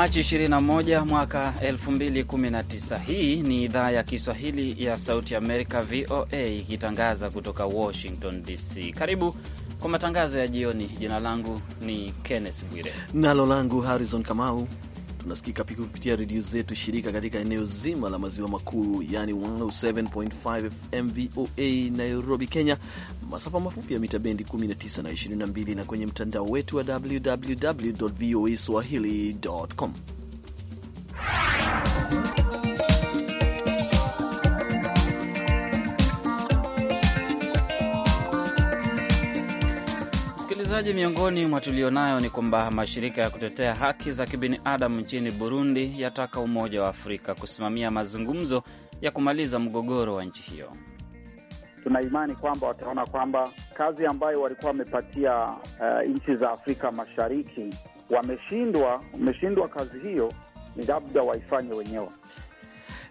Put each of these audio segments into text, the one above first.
Machi 21 mwaka 2019. Hii ni idhaa ya Kiswahili ya Sauti Amerika, VOA, ikitangaza kutoka Washington DC. Karibu kwa matangazo ya jioni. Jina langu ni Kenneth Bwire nalo langu Harrison Kamau. Tunasikika pia kupitia redio zetu shirika katika eneo zima la maziwa makuu, yani 107.5 FM VOA Nairobi, Kenya, masafa mafupi ya mita bendi 19 na 22 na kwenye mtandao wetu wa www voa swahili.com. Msikilizaji, miongoni mwa tulionayo ni kwamba mashirika ya kutetea haki za kibinadamu nchini Burundi yataka Umoja wa Afrika kusimamia mazungumzo ya kumaliza mgogoro wa nchi hiyo tuna imani kwamba wataona kwamba kazi ambayo walikuwa wamepatia uh, nchi za Afrika Mashariki wameshindwa, wameshindwa kazi hiyo, ni labda waifanye wenyewe.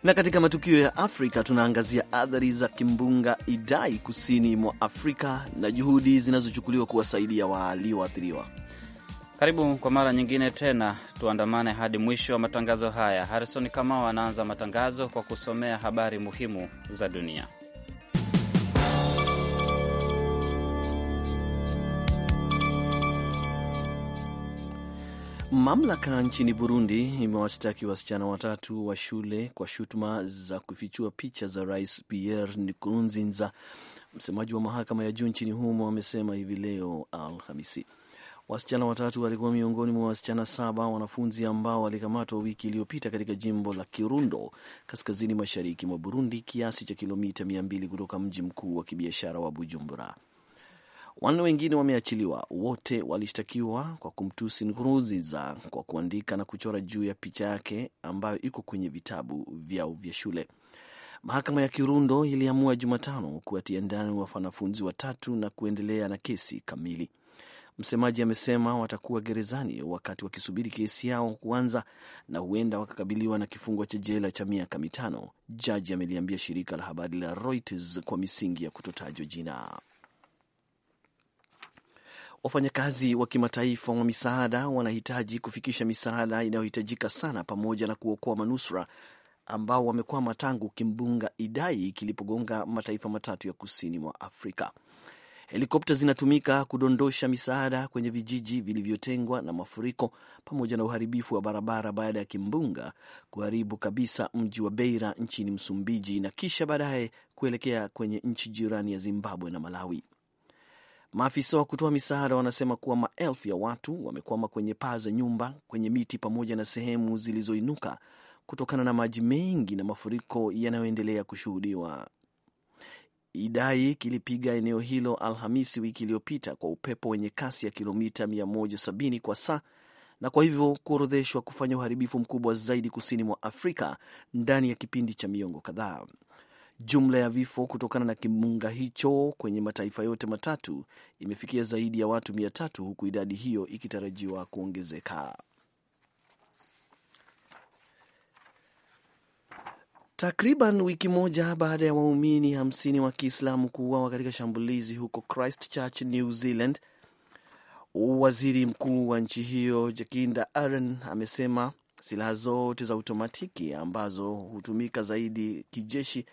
Na katika matukio ya Afrika tunaangazia athari za kimbunga Idai kusini mwa Afrika na juhudi zinazochukuliwa kuwasaidia walioathiriwa. Karibu kwa mara nyingine tena, tuandamane hadi mwisho wa matangazo haya. harison Kamau anaanza matangazo kwa kusomea habari muhimu za dunia. Mamlaka nchini Burundi imewashtaki wasichana watatu wa shule kwa shutuma za kufichua picha za Rais Pierre Nkurunziza. Msemaji wa mahakama ya juu nchini humo amesema hivi leo Alhamisi wasichana watatu walikuwa miongoni mwa wasichana saba wanafunzi ambao walikamatwa wiki iliyopita katika jimbo la Kirundo, kaskazini mashariki mwa Burundi, kiasi cha kilomita 200 kutoka mji mkuu wa kibiashara wa Bujumbura. Wanne wengine wameachiliwa. Wote walishtakiwa kwa kumtusi Nkurunziza kwa kuandika na kuchora juu ya picha yake ambayo iko kwenye vitabu vyao vya shule. Mahakama ya Kirundo iliamua Jumatano kuwatia ndani wanafunzi watatu na kuendelea na kesi kamili. Msemaji amesema watakuwa gerezani wakati wakisubiri kesi yao kuanza na huenda wakakabiliwa na kifungo cha jela cha miaka mitano. Jaji ameliambia shirika la habari la Reuters kwa misingi ya kutotajwa jina. Wafanyakazi wa kimataifa wa misaada wanahitaji kufikisha misaada inayohitajika sana pamoja na kuokoa manusura ambao wamekwama tangu kimbunga Idai kilipogonga mataifa matatu ya kusini mwa Afrika. Helikopta zinatumika kudondosha misaada kwenye vijiji vilivyotengwa na mafuriko pamoja na uharibifu wa barabara baada ya kimbunga kuharibu kabisa mji wa Beira nchini Msumbiji na kisha baadaye kuelekea kwenye nchi jirani ya Zimbabwe na Malawi. Maafisa wa kutoa misaada wanasema kuwa maelfu ya watu wamekwama kwenye paa za nyumba, kwenye miti pamoja na sehemu zilizoinuka kutokana na maji mengi na mafuriko yanayoendelea kushuhudiwa. Idai kilipiga eneo hilo Alhamisi wiki iliyopita kwa upepo wenye kasi ya kilomita 170 kwa saa na kwa hivyo kuorodheshwa kufanya uharibifu mkubwa zaidi kusini mwa Afrika ndani ya kipindi cha miongo kadhaa. Jumla ya vifo kutokana na kimbunga hicho kwenye mataifa yote matatu imefikia zaidi ya watu mia tatu huku idadi hiyo ikitarajiwa kuongezeka. Takriban wiki moja baada ya waumini hamsini wa Kiislamu kuuawa katika shambulizi huko Christchurch, New Zealand, waziri mkuu wa nchi hiyo Jacinda Ardern amesema silaha zote za utomatiki ambazo hutumika zaidi kijeshi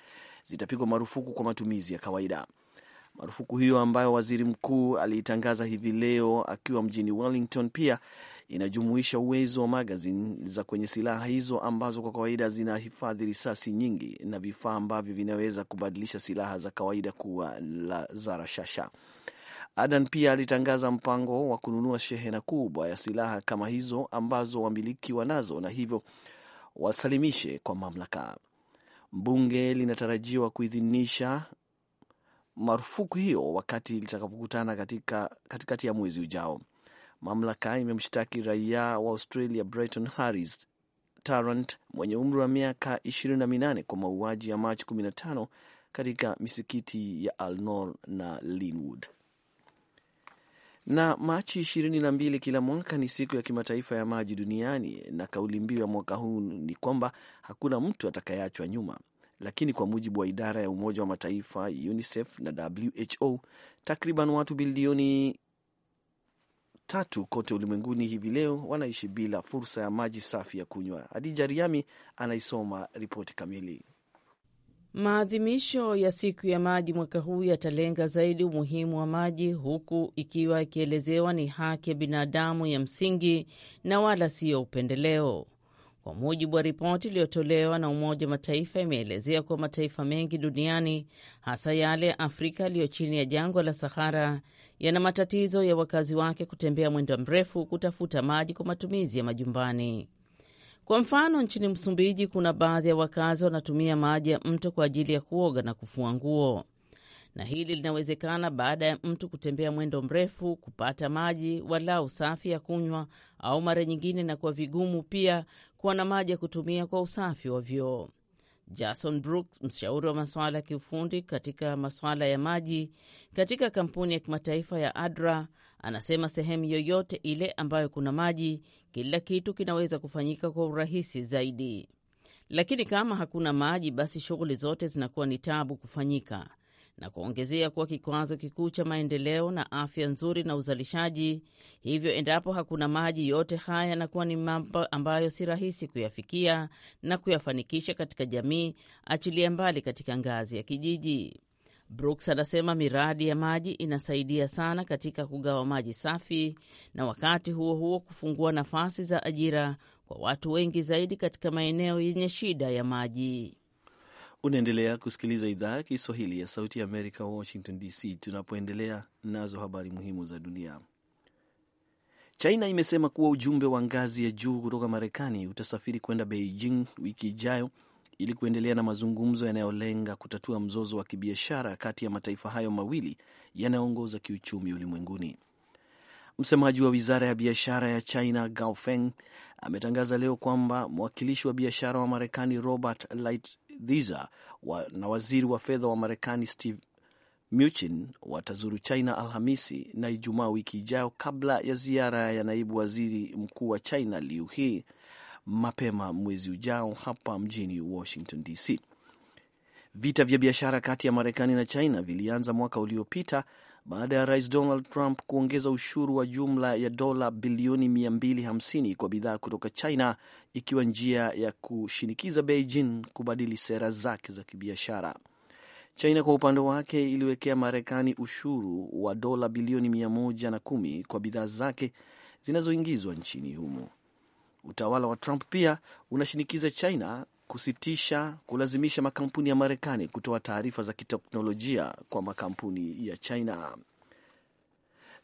zitapigwa marufuku kwa matumizi ya kawaida. Marufuku hiyo ambayo waziri mkuu aliitangaza hivi leo akiwa mjini Wellington pia inajumuisha uwezo wa magazin za kwenye silaha hizo ambazo kwa kawaida zinahifadhi risasi nyingi na vifaa ambavyo vinaweza kubadilisha silaha za kawaida kuwa za rashasha. Adan pia alitangaza mpango wa kununua shehena kubwa ya silaha kama hizo ambazo wamiliki wanazo na hivyo wasalimishe kwa mamlaka. Bunge linatarajiwa kuidhinisha marufuku hiyo wakati litakapokutana katika, katikati ya mwezi ujao. Mamlaka imemshtaki raia wa Australia Brighton Harris Tarrant mwenye umri wa miaka 28 kwa mauaji ya Machi 15 katika misikiti ya alnor na Linwood na Machi 22 kila mwaka ni siku ya kimataifa ya maji duniani, na kauli mbiu ya mwaka huu ni kwamba hakuna mtu atakayeachwa nyuma. Lakini kwa mujibu wa idara ya Umoja wa Mataifa, UNICEF na WHO, takriban watu bilioni tatu kote ulimwenguni hivi leo wanaishi bila fursa ya maji safi ya kunywa. Hadija Riami anaisoma ripoti kamili. Maadhimisho ya siku ya maji mwaka huu yatalenga zaidi umuhimu wa maji, huku ikiwa ikielezewa ni haki ya binadamu ya msingi na wala siyo upendeleo. Kwa mujibu wa ripoti iliyotolewa na Umoja wa Mataifa, imeelezea kuwa mataifa mengi duniani, hasa yale ya Afrika yaliyo chini ya jangwa la Sahara, yana matatizo ya wakazi wake kutembea mwendo mrefu kutafuta maji kwa matumizi ya majumbani. Kwa mfano, nchini Msumbiji kuna baadhi ya wakazi wanatumia maji ya mto kwa ajili ya kuoga na kufua nguo, na hili linawezekana baada ya mtu kutembea mwendo mrefu kupata maji walau safi ya kunywa, au mara nyingine na kuwa vigumu pia kuwa na maji ya kutumia kwa usafi wa vyoo. Jason Brooks, mshauri wa masuala ya kiufundi katika masuala ya maji katika kampuni ya kimataifa ya ADRA, Anasema sehemu yoyote ile ambayo kuna maji, kila kitu kinaweza kufanyika kwa urahisi zaidi, lakini kama hakuna maji, basi shughuli zote zinakuwa ni tabu kufanyika, na kuongezea kuwa kikwazo kikuu cha maendeleo na afya nzuri na uzalishaji. Hivyo, endapo hakuna maji, yote haya yanakuwa ni mambo ambayo si rahisi kuyafikia na kuyafanikisha katika jamii, achilia mbali katika ngazi ya kijiji. Brooks anasema miradi ya maji inasaidia sana katika kugawa maji safi na wakati huo huo kufungua nafasi za ajira kwa watu wengi zaidi katika maeneo yenye shida ya maji. Unaendelea kusikiliza idhaa ya Kiswahili ya Sauti ya Amerika, Washington DC, tunapoendelea nazo habari muhimu za dunia. China imesema kuwa ujumbe wa ngazi ya juu kutoka Marekani utasafiri kwenda Beijing wiki ijayo ili kuendelea na mazungumzo yanayolenga kutatua mzozo wa kibiashara kati ya mataifa hayo mawili yanayoongoza kiuchumi ulimwenguni. Msemaji wa wizara ya biashara ya China Gao Feng ametangaza leo kwamba mwakilishi wa biashara wa Marekani Robert Lighthizer na waziri wa fedha wa Marekani Steve Mnuchin watazuru China Alhamisi na Ijumaa wiki ijayo kabla ya ziara ya naibu waziri mkuu wa China Liu hii mapema mwezi ujao hapa mjini Washington DC. Vita vya biashara kati ya Marekani na China vilianza mwaka uliopita baada ya rais Donald Trump kuongeza ushuru wa jumla ya dola bilioni 250 kwa bidhaa kutoka China, ikiwa njia ya kushinikiza Beijing kubadili sera zake za kibiashara. China kwa upande wake iliwekea Marekani ushuru wa dola bilioni 110 kwa bidhaa zake zinazoingizwa nchini humo. Utawala wa Trump pia unashinikiza China kusitisha kulazimisha makampuni ya Marekani kutoa taarifa za kiteknolojia kwa makampuni ya China.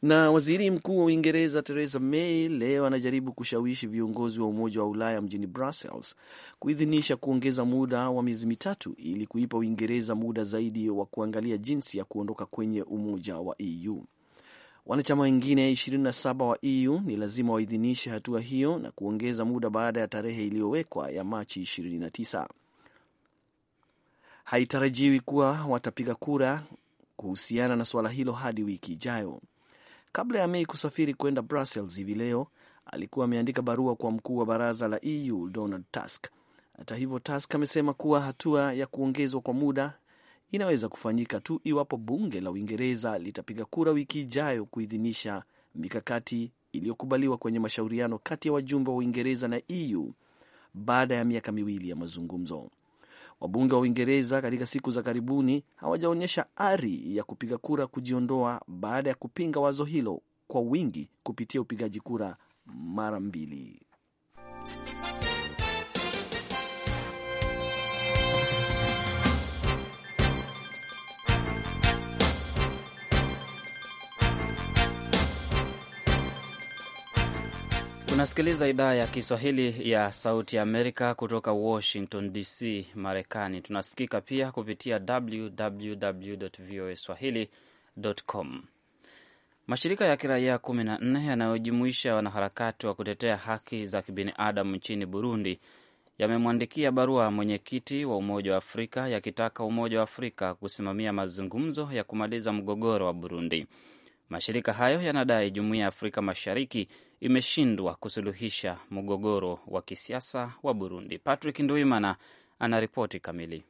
Na waziri mkuu wa Uingereza Theresa May leo anajaribu kushawishi viongozi wa Umoja wa Ulaya mjini Brussels kuidhinisha kuongeza muda wa miezi mitatu ili kuipa Uingereza muda zaidi wa kuangalia jinsi ya kuondoka kwenye umoja wa EU. Wanachama wengine 27 wa EU ni lazima waidhinishe hatua hiyo na kuongeza muda baada ya tarehe iliyowekwa ya Machi 29. Haitarajiwi kuwa watapiga kura kuhusiana na suala hilo hadi wiki ijayo. Kabla ya Mei kusafiri kwenda Brussels hivi leo, alikuwa ameandika barua kwa mkuu wa baraza la EU Donald Tusk. Hata hivyo, Tusk amesema kuwa hatua ya kuongezwa kwa muda inaweza kufanyika tu iwapo bunge la Uingereza litapiga kura wiki ijayo kuidhinisha mikakati iliyokubaliwa kwenye mashauriano kati ya wajumbe wa Uingereza na EU baada ya miaka miwili ya mazungumzo. Wabunge wa Uingereza katika siku za karibuni hawajaonyesha ari ya kupiga kura kujiondoa baada ya kupinga wazo hilo kwa wingi kupitia upigaji kura mara mbili. Unasikiliza idhaa ya Kiswahili ya Sauti ya Amerika kutoka Washington DC, Marekani. Tunasikika pia kupitia www voa swahili.com. Mashirika ya kiraia 14 yanayojumuisha wanaharakati wa kutetea haki za kibinadamu nchini Burundi yamemwandikia barua mwenyekiti wa Umoja wa Afrika yakitaka Umoja wa Afrika kusimamia mazungumzo ya kumaliza mgogoro wa Burundi. Mashirika hayo yanadai Jumuiya ya Afrika Mashariki imeshindwa kusuluhisha mgogoro wa kisiasa wa Burundi. Patrick Nduimana anaripoti kamili.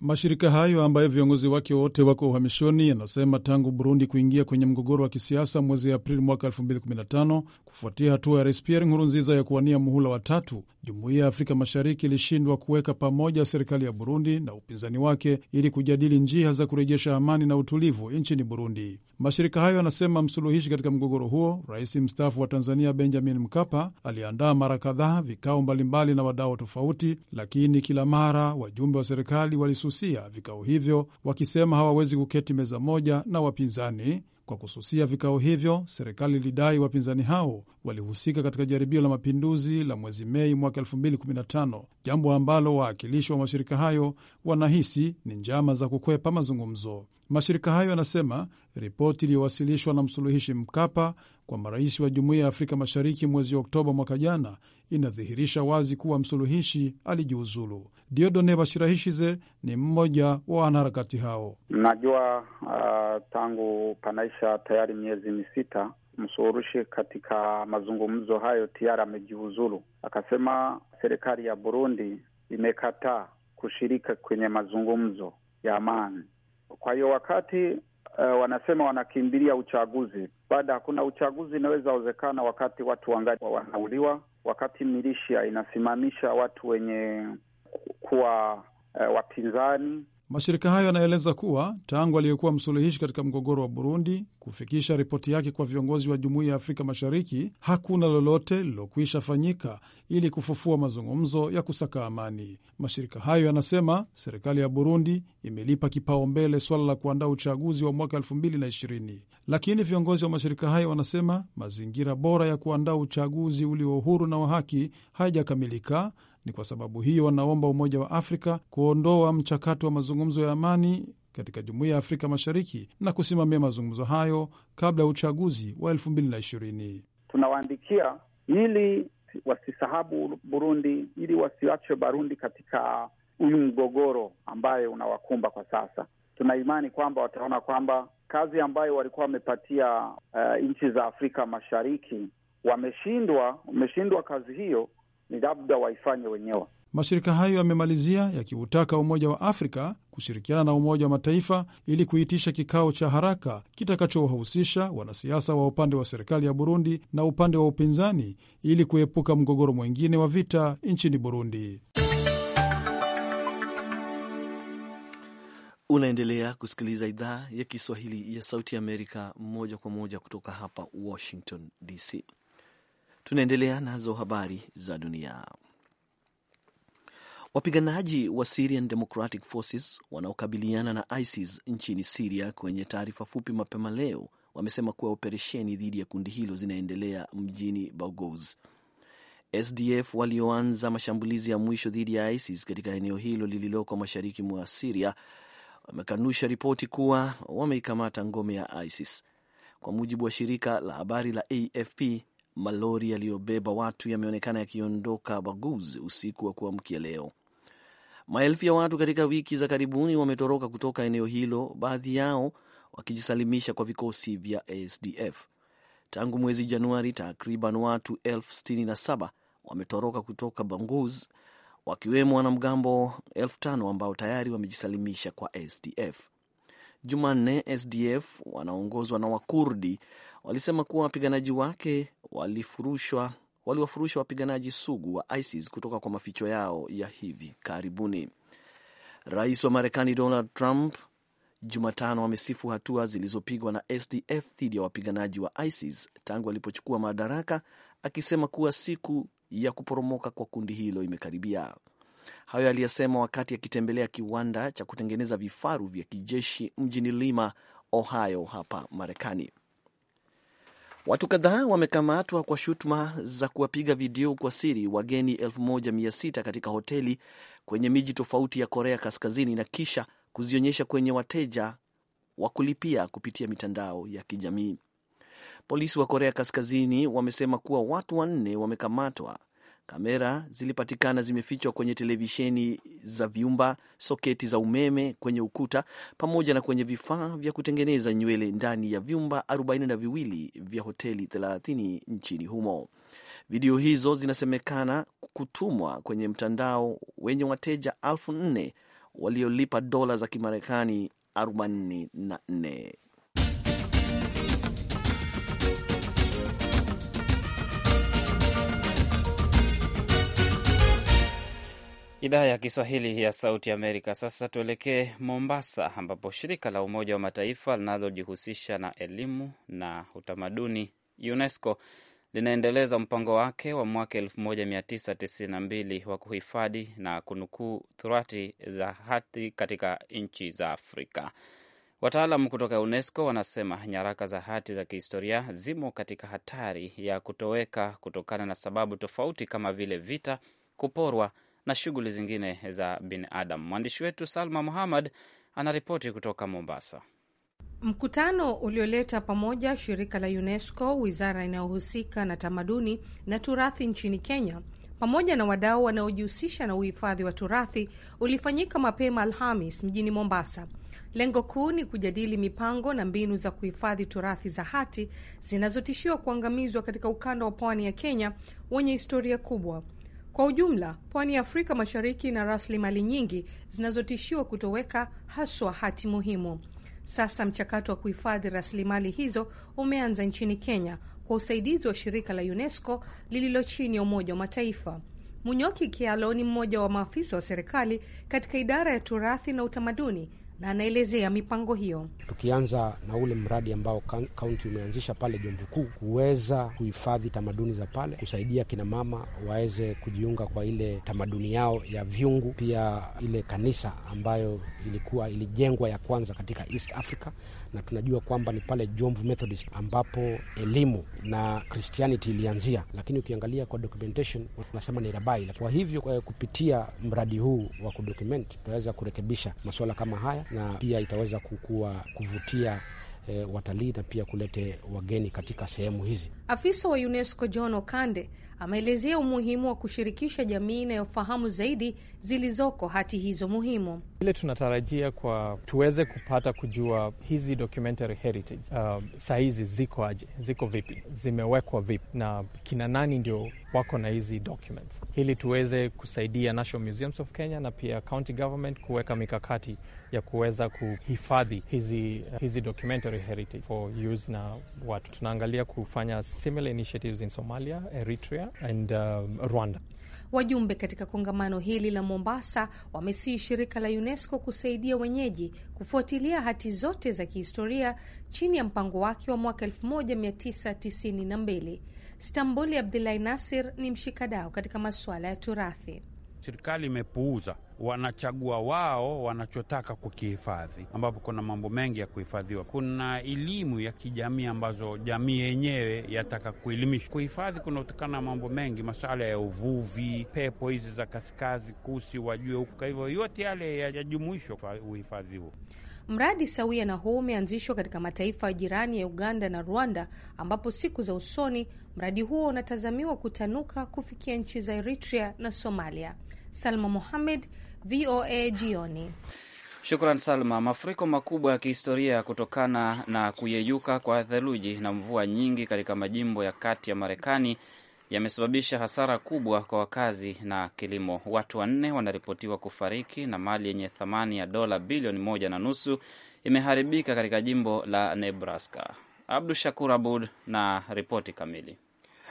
Mashirika hayo ambayo viongozi wake wote wako uhamishoni yanasema tangu Burundi kuingia kwenye mgogoro wa kisiasa mwezi Aprili mwaka 2015 kufuatia hatua ya Rais Pierre Nkurunziza ya kuwania muhula wa tatu, jumuiya ya Afrika Mashariki ilishindwa kuweka pamoja serikali ya Burundi na upinzani wake ili kujadili njia za kurejesha amani na utulivu nchini Burundi. Mashirika hayo yanasema msuluhishi katika mgogoro huo, rais mstaafu wa Tanzania Benjamin Mkapa, aliandaa mara kadhaa vikao mbalimbali na wadau tofauti, lakini kila mara wajumbe wa serikali wali kususia vikao hivyo, wakisema hawawezi kuketi meza moja na wapinzani. Kwa kususia vikao hivyo, serikali ilidai wapinzani hao walihusika katika jaribio la mapinduzi la mwezi Mei mwaka 2015, jambo ambalo wawakilishi wa mashirika hayo wanahisi ni njama za kukwepa mazungumzo. Mashirika hayo yanasema ripoti iliyowasilishwa na msuluhishi Mkapa kwa marais wa Jumuiya ya Afrika Mashariki mwezi Oktoba mwaka jana inadhihirisha wazi kuwa msuluhishi alijiuzulu. Diodone Bashirahishize ni mmoja wa wanaharakati hao. Mnajua uh, tangu panaisha tayari miezi misita msuhurushi katika mazungumzo hayo tayari amejiuzulu. Akasema serikali ya Burundi imekataa kushirika kwenye mazungumzo ya amani. Kwa hiyo wakati uh, wanasema wanakimbilia uchaguzi, baada hakuna uchaguzi, inaweza wezekana wakati watu wangali wanauliwa wakati milisha inasimamisha watu wenye kuwa uh, wapinzani Mashirika hayo yanaeleza kuwa tangu aliyekuwa msuluhishi katika mgogoro wa Burundi kufikisha ripoti yake kwa viongozi wa jumuiya ya Afrika Mashariki, hakuna lolote lilokwisha fanyika ili kufufua mazungumzo ya kusaka amani. Mashirika hayo yanasema serikali ya Burundi imelipa kipaumbele swala la kuandaa uchaguzi wa mwaka 2020 lakini viongozi wa mashirika hayo wanasema mazingira bora ya kuandaa uchaguzi ulio huru na wa haki hayajakamilika ni kwa sababu hiyo wanaomba Umoja wa Afrika kuondoa mchakato wa mazungumzo ya amani katika Jumuiya ya Afrika Mashariki na kusimamia mazungumzo hayo kabla ya uchaguzi wa elfu mbili na ishirini. Tunawaandikia ili wasisahabu Burundi, ili wasiache Barundi katika huyu mgogoro ambayo unawakumba kwa sasa. Tuna imani kwamba wataona kwamba kazi ambayo walikuwa wamepatia uh, nchi za Afrika Mashariki wameshindwa, wameshindwa kazi hiyo ni labda waifanye wenyewe. Mashirika hayo yamemalizia yakiutaka Umoja wa Afrika kushirikiana na Umoja wa Mataifa ili kuitisha kikao cha haraka kitakachowahusisha wanasiasa wa upande wa serikali ya Burundi na upande wa upinzani ili kuepuka mgogoro mwingine wa vita nchini Burundi. Unaendelea kusikiliza idhaa ya Kiswahili ya Sauti ya Amerika moja kwa moja kutoka hapa Washington DC. Tunaendelea nazo habari za dunia. Wapiganaji wa Syrian Democratic Forces wanaokabiliana na ISIS nchini Siria kwenye taarifa fupi mapema leo wamesema kuwa operesheni dhidi ya kundi hilo zinaendelea mjini Bagos. SDF walioanza mashambulizi ya mwisho dhidi ya ISIS katika eneo hilo lililoko mashariki mwa Siria wamekanusha ripoti kuwa wameikamata ngome ya ISIS. Kwa mujibu wa shirika la habari la AFP, malori yaliyobeba watu yameonekana yakiondoka Baguz usiku wa kuamkia leo. Maelfu ya watu katika wiki za karibuni wametoroka kutoka eneo hilo, baadhi yao wakijisalimisha kwa vikosi vya ASDF. Tangu mwezi Januari, takriban watu elfu sitini na saba wametoroka kutoka banguz wakiwemo wanamgambo elfu tano ambao tayari wamejisalimisha kwa SDF. Jumanne, SDF wanaongozwa na Wakurdi walisema kuwa wapiganaji wake walifurushwa waliwafurusha wapiganaji sugu wa ISIS kutoka kwa maficho yao ya hivi karibuni. Rais wa Marekani Donald Trump Jumatano amesifu hatua zilizopigwa na SDF dhidi ya wapiganaji wa ISIS tangu alipochukua madaraka, akisema kuwa siku ya kuporomoka kwa kundi hilo imekaribia. Hayo aliyesema wakati akitembelea kiwanda cha kutengeneza vifaru vya kijeshi mjini Lima, Ohio hapa Marekani. Watu kadhaa wamekamatwa kwa shutuma za kuwapiga video kwa siri wageni 1600 katika hoteli kwenye miji tofauti ya Korea Kaskazini na kisha kuzionyesha kwenye wateja wa kulipia kupitia mitandao ya kijamii. Polisi wa Korea Kaskazini wamesema kuwa watu wanne wamekamatwa Kamera zilipatikana zimefichwa kwenye televisheni za vyumba, soketi za umeme kwenye ukuta, pamoja na kwenye vifaa vya kutengeneza nywele ndani ya vyumba arobaini na viwili vya hoteli 30 nchini humo. Video hizo zinasemekana kutumwa kwenye mtandao wenye wateja elfu nne waliolipa dola za Kimarekani 44. Idhaa ya Kiswahili ya Sauti Amerika. Sasa tuelekee Mombasa, ambapo shirika la Umoja wa Mataifa linalojihusisha na elimu na utamaduni UNESCO linaendeleza mpango wake wa mwaka 1992 wa kuhifadhi na kunukuu thurati za hati katika nchi za Afrika. Wataalam kutoka UNESCO wanasema nyaraka za hati za kihistoria zimo katika hatari ya kutoweka kutokana na sababu tofauti kama vile vita, kuporwa na shughuli zingine za binadamu. Mwandishi wetu Salma Muhammad anaripoti kutoka Mombasa. Mkutano ulioleta pamoja shirika la UNESCO, wizara inayohusika na tamaduni na turathi nchini Kenya, pamoja na wadau wanaojihusisha na uhifadhi wa turathi ulifanyika mapema Alhamis mjini Mombasa. Lengo kuu ni kujadili mipango na mbinu za kuhifadhi turathi za hati zinazotishiwa kuangamizwa katika ukanda wa pwani ya Kenya wenye historia kubwa kwa ujumla, pwani ya Afrika Mashariki ina rasilimali nyingi zinazotishiwa kutoweka, haswa hati muhimu. Sasa mchakato wa kuhifadhi rasilimali hizo umeanza nchini Kenya kwa usaidizi wa shirika la UNESCO lililo chini ya Umoja wa Mataifa. Munyoki Kialo ni mmoja wa maafisa wa serikali katika idara ya turathi na utamaduni na anaelezea mipango hiyo. Tukianza na ule mradi ambao kaunti umeanzisha pale Jomvu Kuu, kuweza kuhifadhi tamaduni za pale, kusaidia kinamama waweze kujiunga kwa ile tamaduni yao ya vyungu, pia ile kanisa ambayo ilikuwa ilijengwa ya kwanza katika East Africa na tunajua kwamba ni pale Jomvu Methodist ambapo elimu na Christianity ilianzia, lakini ukiangalia kwa documentation unasema ni Rabai. Kwa hivyo kupitia mradi huu wa kudocument tutaweza kurekebisha masuala kama haya, na pia itaweza kukua kuvutia E, watalii na pia kulete wageni katika sehemu hizi. Afisa wa UNESCO John Okande ameelezea umuhimu wa kushirikisha jamii inayofahamu zaidi zilizoko hati hizo muhimu. Ile tunatarajia kwa tuweze kupata kujua hizi documentary heritage uh, saa hizi ziko aje, ziko vipi, zimewekwa vipi na kina nani ndio wako na hizi documents, ili tuweze kusaidia National Museums of Kenya na pia county government kuweka mikakati ya kuweza kuhifadhi hizi, uh, hizi documentary heritage for use na watu tunaangalia kufanya similar initiatives in Somalia, Eritrea and um, Rwanda. Wajumbe katika kongamano hili la Mombasa wamesii shirika la UNESCO kusaidia wenyeji kufuatilia hati zote za kihistoria chini ya mpango wake wa mwaka 1992. Stambuli Abdulahi Nasir ni mshikadau katika masuala ya turathi serikali imepuuza, wanachagua wao wanachotaka kukihifadhi, ambapo kuna mambo mengi ya kuhifadhiwa. Kuna elimu ya kijamii ambazo jamii yenyewe yataka kuelimisha. Kuhifadhi kunaotokana na mambo mengi, masuala ya uvuvi, pepo hizi za kaskazi, kusi wajue huku. Kwa hivyo yote yale yajumuishwa kwa uhifadhi huo. Mradi sawia na huu umeanzishwa katika mataifa ya jirani ya Uganda na Rwanda, ambapo siku za usoni mradi huo unatazamiwa kutanuka kufikia nchi za Eritrea na Somalia. Salma Mohamed, VOA jioni. Shukran Salma. Mafuriko makubwa ya kihistoria kutokana na kuyeyuka kwa theluji na mvua nyingi katika majimbo ya kati ya Marekani yamesababisha hasara kubwa kwa wakazi na kilimo. Watu wanne wanaripotiwa kufariki na mali yenye thamani ya dola bilioni moja na nusu imeharibika katika jimbo la Nebraska. Abdu Shakur Abud na ripoti kamili.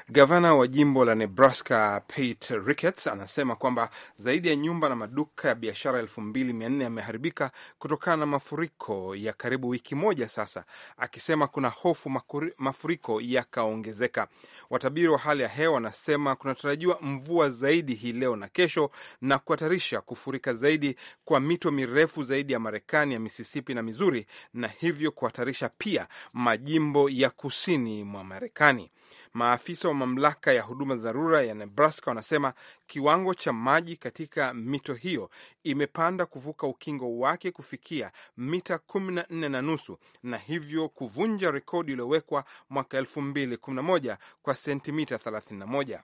Gavana wa jimbo la Nebraska Pete Ricketts anasema kwamba zaidi ya nyumba na maduka ya biashara elfu mbili mia nne yameharibika kutokana na mafuriko ya karibu wiki moja sasa, akisema kuna hofu mafuriko yakaongezeka. Watabiri wa hali ya hewa wanasema kunatarajiwa mvua zaidi hii leo na kesho, na kuhatarisha kufurika zaidi kwa mito mirefu zaidi ya Marekani ya Misisipi na Mizuri, na hivyo kuhatarisha pia majimbo ya kusini mwa Marekani. Maafisa wa mamlaka ya huduma dharura ya Nebraska wanasema kiwango cha maji katika mito hiyo imepanda kuvuka ukingo wake kufikia mita 14 na nusu na hivyo kuvunja rekodi iliyowekwa mwaka 2011 kwa sentimita 31.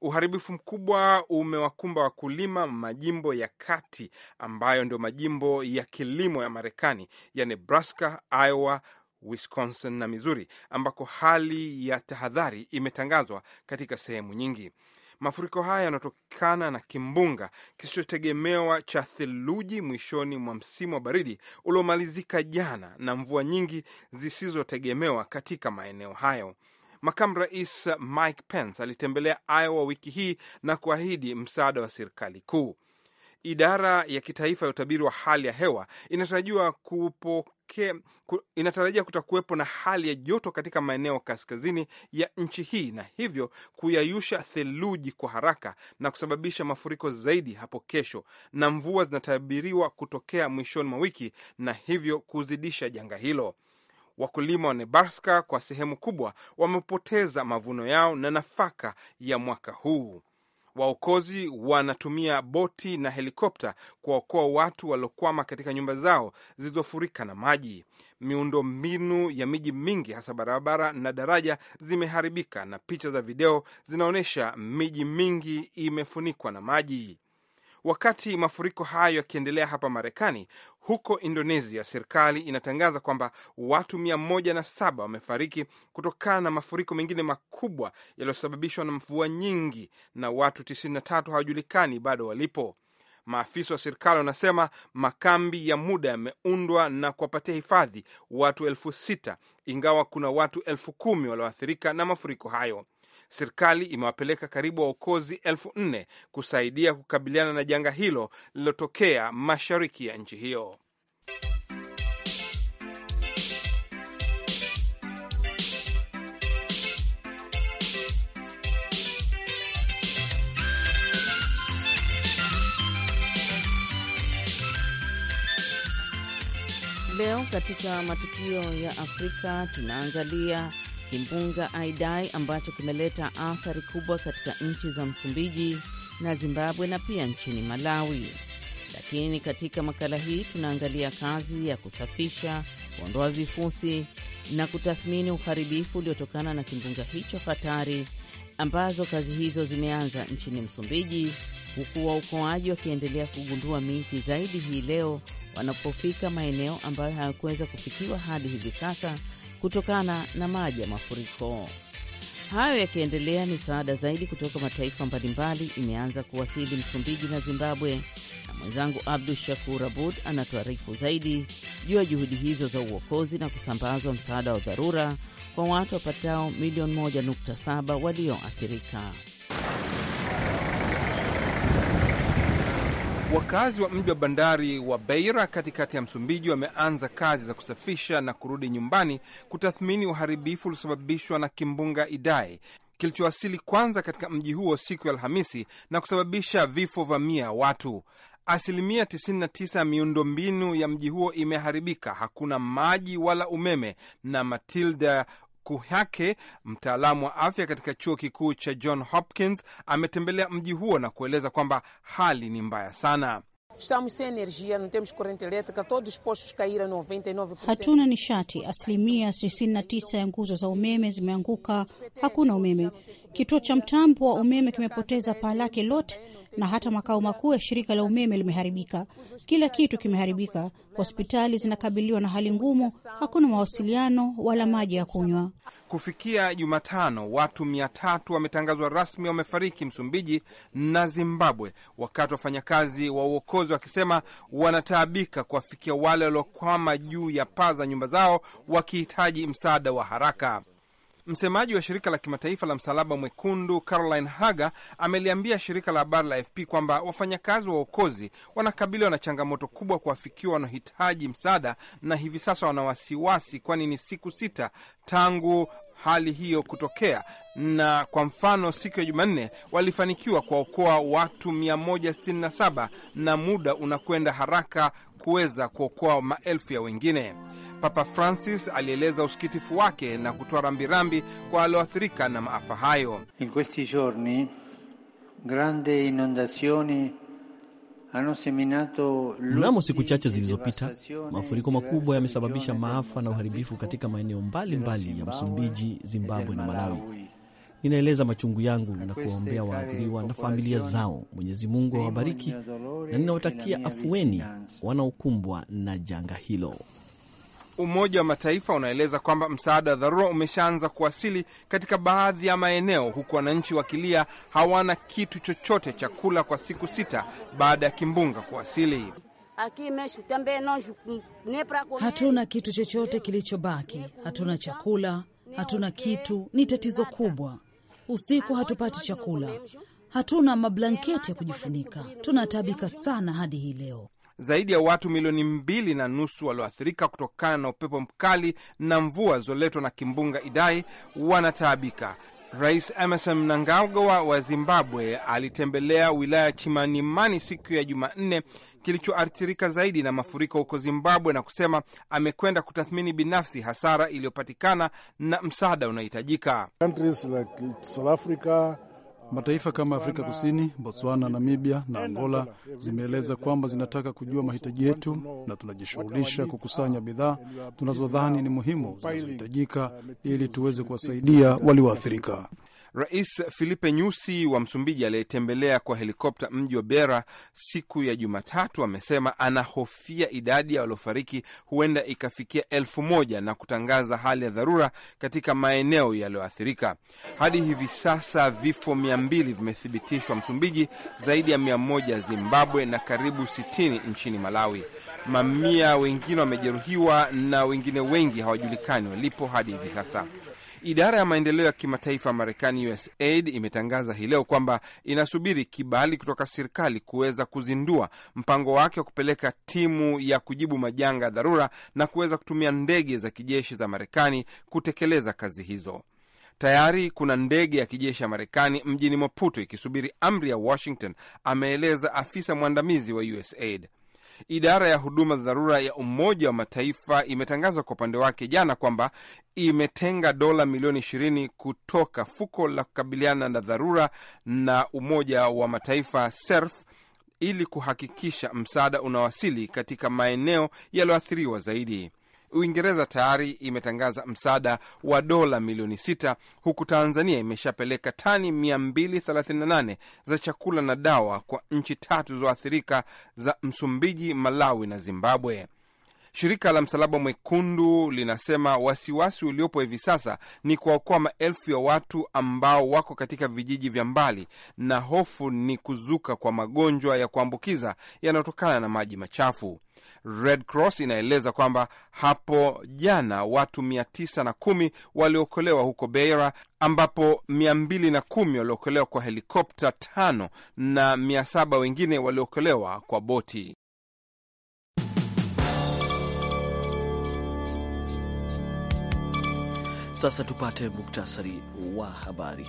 Uharibifu mkubwa umewakumba wakulima majimbo ya kati ambayo ndio majimbo ya kilimo ya Marekani ya Nebraska, Iowa, Wisconsin na Missouri ambako hali ya tahadhari imetangazwa katika sehemu nyingi. Mafuriko haya yanatokana na kimbunga kisichotegemewa cha theluji mwishoni mwa msimu wa baridi uliomalizika jana na mvua nyingi zisizotegemewa katika maeneo hayo. Makamu Rais Mike Pence alitembelea Iowa wiki hii na kuahidi msaada wa serikali kuu. Idara ya kitaifa ya utabiri wa hali ya hewa inatarajiwa kupo yake inatarajia kutakuwepo na hali ya joto katika maeneo kaskazini ya nchi hii na hivyo kuyayusha theluji kwa haraka na kusababisha mafuriko zaidi hapo kesho, na mvua zinatabiriwa kutokea mwishoni mwa wiki na hivyo kuzidisha janga hilo. Wakulima wa Nebraska kwa sehemu kubwa wamepoteza mavuno yao na nafaka ya mwaka huu waokozi wanatumia boti na helikopta kuwaokoa watu waliokwama katika nyumba zao zilizofurika na maji. miundo mbinu ya miji mingi hasa barabara na daraja zimeharibika, na picha za video zinaonyesha miji mingi imefunikwa na maji. Wakati mafuriko hayo yakiendelea hapa Marekani, huko Indonesia serikali inatangaza kwamba watu mia moja na saba wamefariki kutokana na mafuriko mengine makubwa yaliyosababishwa na mvua nyingi na watu 93 hawajulikani bado walipo. Maafisa wa serikali wanasema makambi ya muda yameundwa na kuwapatia hifadhi watu elfu sita ingawa kuna watu elfu kumi walioathirika na mafuriko hayo serikali imewapeleka karibu waokozi elfu nne kusaidia kukabiliana na janga hilo lililotokea mashariki ya nchi hiyo. Leo katika matukio ya Afrika tunaangalia kimbunga Idai ambacho kimeleta athari kubwa katika nchi za Msumbiji na Zimbabwe na pia nchini Malawi. Lakini katika makala hii tunaangalia kazi ya kusafisha, kuondoa vifusi na kutathmini uharibifu uliotokana na kimbunga hicho hatari, ambazo kazi hizo zimeanza nchini Msumbiji, huku waokoaji wakiendelea kugundua miti zaidi hii leo wanapofika maeneo ambayo hayakuweza kufikiwa hadi hivi sasa kutokana na maji ya mafuriko. Hayo yakiendelea, misaada zaidi kutoka mataifa mbalimbali imeanza kuwasili Msumbiji na Zimbabwe, na mwenzangu Abdu Shakur Abud anatuarifu zaidi juu ya juhudi hizo za uokozi na kusambazwa msaada wa dharura kwa watu wapatao milioni 1.7 walioathirika. Wakazi wa mji wa bandari wa Beira katikati ya Msumbiji wameanza kazi za kusafisha na kurudi nyumbani kutathmini uharibifu uliosababishwa na kimbunga Idai kilichowasili kwanza katika mji huo siku ya Alhamisi na kusababisha vifo vya mia ya watu. Asilimia 99 ya miundombinu ya mji huo imeharibika, hakuna maji wala umeme. Na Matilda Kuhake, mtaalamu wa afya katika chuo kikuu cha John Hopkins, ametembelea mji huo na kueleza kwamba hali ni mbaya sana. E Hatuna nishati, asilimia 99 ya nguzo za umeme zimeanguka, hakuna umeme. Kituo cha mtambo wa umeme kimepoteza paa lake lote na hata makao makuu ya shirika la umeme limeharibika. Kila kitu kimeharibika, hospitali zinakabiliwa na hali ngumu, hakuna mawasiliano wala maji ya kunywa. Kufikia Jumatano, watu mia tatu wametangazwa rasmi wamefariki Msumbiji na Zimbabwe, wakati wafanyakazi wa uokozi wakisema wanataabika kuwafikia wale waliokwama juu ya paa za nyumba zao wakihitaji msaada wa haraka. Msemaji wa shirika la kimataifa la Msalaba Mwekundu Caroline Haga ameliambia shirika la habari la fp kwamba wafanyakazi wa uokozi wanakabiliwa na changamoto kubwa kuwafikiwa wanaohitaji msaada, na hivi sasa wana wasiwasi, kwani ni siku sita tangu hali hiyo kutokea. Na kwa mfano, siku ya Jumanne walifanikiwa kuwaokoa watu 167 na muda unakwenda haraka kuweza kuokoa maelfu ya wengine. Papa Francis alieleza usikitifu wake na kutoa rambirambi kwa walioathirika na maafa hayo. In questi giorni grandi inondazioni Mnamo siku e chache zilizopita, mafuriko makubwa yamesababisha maafa na uharibifu katika maeneo mbalimbali ya Msumbiji, e Zimbabwe na Malawi. Ninaeleza machungu yangu na kuwaombea waathiriwa na familia zao. Mwenyezi Mungu awabariki, na e ninawatakia afueni wanaokumbwa na janga hilo. Umoja wa Mataifa unaeleza kwamba msaada wa dharura umeshaanza kuwasili katika baadhi ya maeneo, huku wananchi wakilia hawana kitu chochote cha kula kwa siku sita baada ya kimbunga kuwasili. Hatuna kitu chochote kilichobaki, hatuna chakula, hatuna kitu. Ni tatizo kubwa. Usiku hatupati chakula, hatuna mablanketi ya kujifunika. Tunatabika sana hadi hii leo zaidi ya watu milioni mbili na nusu walioathirika kutokana na upepo mkali na mvua zilizoletwa na kimbunga Idai wanataabika. Rais Emerson Mnangagwa wa Zimbabwe alitembelea wilaya ya Chimanimani siku ya Jumanne, kilichoathirika zaidi na mafuriko huko Zimbabwe, na kusema amekwenda kutathmini binafsi hasara iliyopatikana na msaada unaohitajika. Mataifa kama Afrika Kusini, Botswana, Namibia na Angola zimeeleza kwamba zinataka kujua mahitaji yetu na tunajishughulisha kukusanya bidhaa tunazodhani ni muhimu zinazohitajika ili tuweze kuwasaidia walioathirika. Rais Filipe Nyusi wa Msumbiji aliyetembelea kwa helikopta mji wa Beira siku ya Jumatatu amesema anahofia idadi ya waliofariki huenda ikafikia elfu moja na kutangaza hali ya dharura katika maeneo yaliyoathirika. Hadi hivi sasa vifo mia mbili vimethibitishwa Msumbiji, zaidi ya mia moja Zimbabwe na karibu sitini nchini Malawi. Mamia wengine wamejeruhiwa na wengine wengi hawajulikani walipo hadi hivi sasa. Idara ya maendeleo ya kimataifa ya Marekani, USAID, imetangaza hii leo kwamba inasubiri kibali kutoka serikali kuweza kuzindua mpango wake wa kupeleka timu ya kujibu majanga ya dharura na kuweza kutumia ndege za kijeshi za Marekani kutekeleza kazi hizo. Tayari kuna ndege ya kijeshi ya Marekani mjini Maputo ikisubiri amri ya Washington, ameeleza afisa mwandamizi wa USAID. Idara ya huduma za dharura ya Umoja wa Mataifa imetangaza kwa upande wake jana kwamba imetenga dola milioni ishirini kutoka fuko la kukabiliana na dharura na Umoja wa Mataifa SERF ili kuhakikisha msaada unawasili katika maeneo yaliyoathiriwa zaidi. Uingereza tayari imetangaza msaada wa dola milioni sita huku Tanzania imeshapeleka tani 238 za chakula na dawa kwa nchi tatu zilizoathirika za Msumbiji, Malawi na Zimbabwe. Shirika la Msalaba Mwekundu linasema wasiwasi uliopo hivi sasa ni kuwaokoa maelfu ya watu ambao wako katika vijiji vya mbali, na hofu ni kuzuka kwa magonjwa ya kuambukiza yanayotokana na maji machafu. Red Cross inaeleza kwamba hapo jana watu mia tisa na kumi waliokolewa huko Beira, ambapo mia mbili na kumi waliokolewa kwa helikopta tano na mia saba wengine waliokolewa kwa boti. Sasa tupate muktasari wa habari.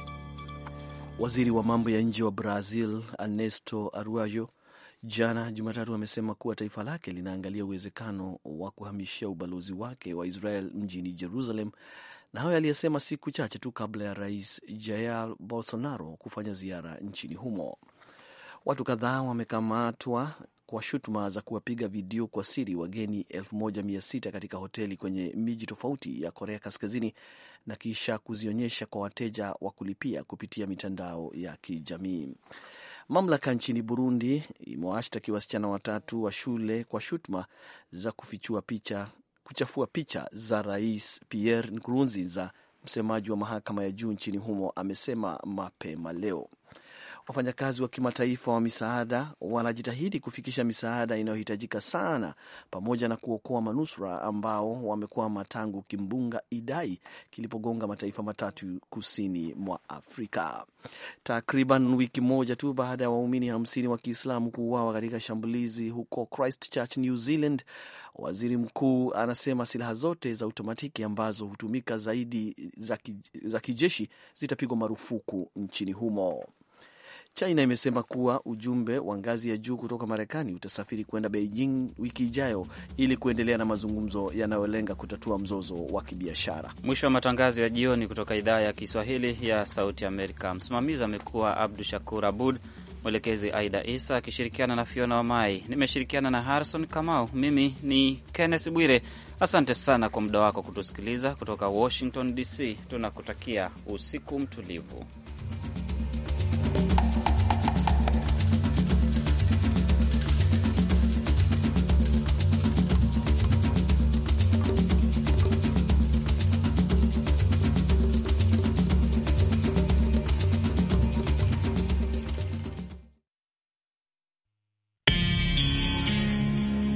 Waziri wa mambo ya nje wa Brazil Ernesto Araújo jana Jumatatu amesema kuwa taifa lake linaangalia uwezekano wa kuhamishia ubalozi wake wa Israel mjini Jerusalem, na hayo aliyesema siku chache tu kabla ya rais Jair Bolsonaro kufanya ziara nchini humo. Watu kadhaa wamekamatwa kwa shutuma za kuwapiga video kwa siri wageni 1600 katika hoteli kwenye miji tofauti ya Korea Kaskazini na kisha kuzionyesha kwa wateja wa kulipia kupitia mitandao ya kijamii. Mamlaka nchini Burundi imewashtaki wasichana watatu wa shule kwa shutuma za kufichua picha, kuchafua picha za Rais Pierre Nkurunziza. Msemaji wa mahakama ya juu nchini humo amesema mapema leo. Wafanyakazi wa kimataifa wa misaada wanajitahidi kufikisha misaada inayohitajika sana, pamoja na kuokoa manusura ambao wamekwama tangu kimbunga Idai kilipogonga mataifa matatu kusini mwa Afrika. Takriban wiki moja tu baada ya waumini hamsini wa Kiislamu kuuawa katika shambulizi huko Christchurch, New Zealand, waziri mkuu anasema silaha zote za utomatiki ambazo hutumika zaidi za kijeshi zitapigwa marufuku nchini humo. China imesema kuwa ujumbe wa ngazi ya juu kutoka Marekani utasafiri kwenda Beijing wiki ijayo ili kuendelea na mazungumzo yanayolenga kutatua mzozo wa kibiashara. Mwisho wa matangazo ya jioni kutoka idhaa ya Kiswahili ya Sauti Amerika. Msimamizi amekuwa Abdu Shakur Abud, mwelekezi Aida Isa akishirikiana na Fiona Wamai. Nimeshirikiana na Harrison Kamau. Mimi ni Kenneth Bwire. Asante sana kwa muda wako kutusikiliza. Kutoka Washington DC tunakutakia usiku mtulivu.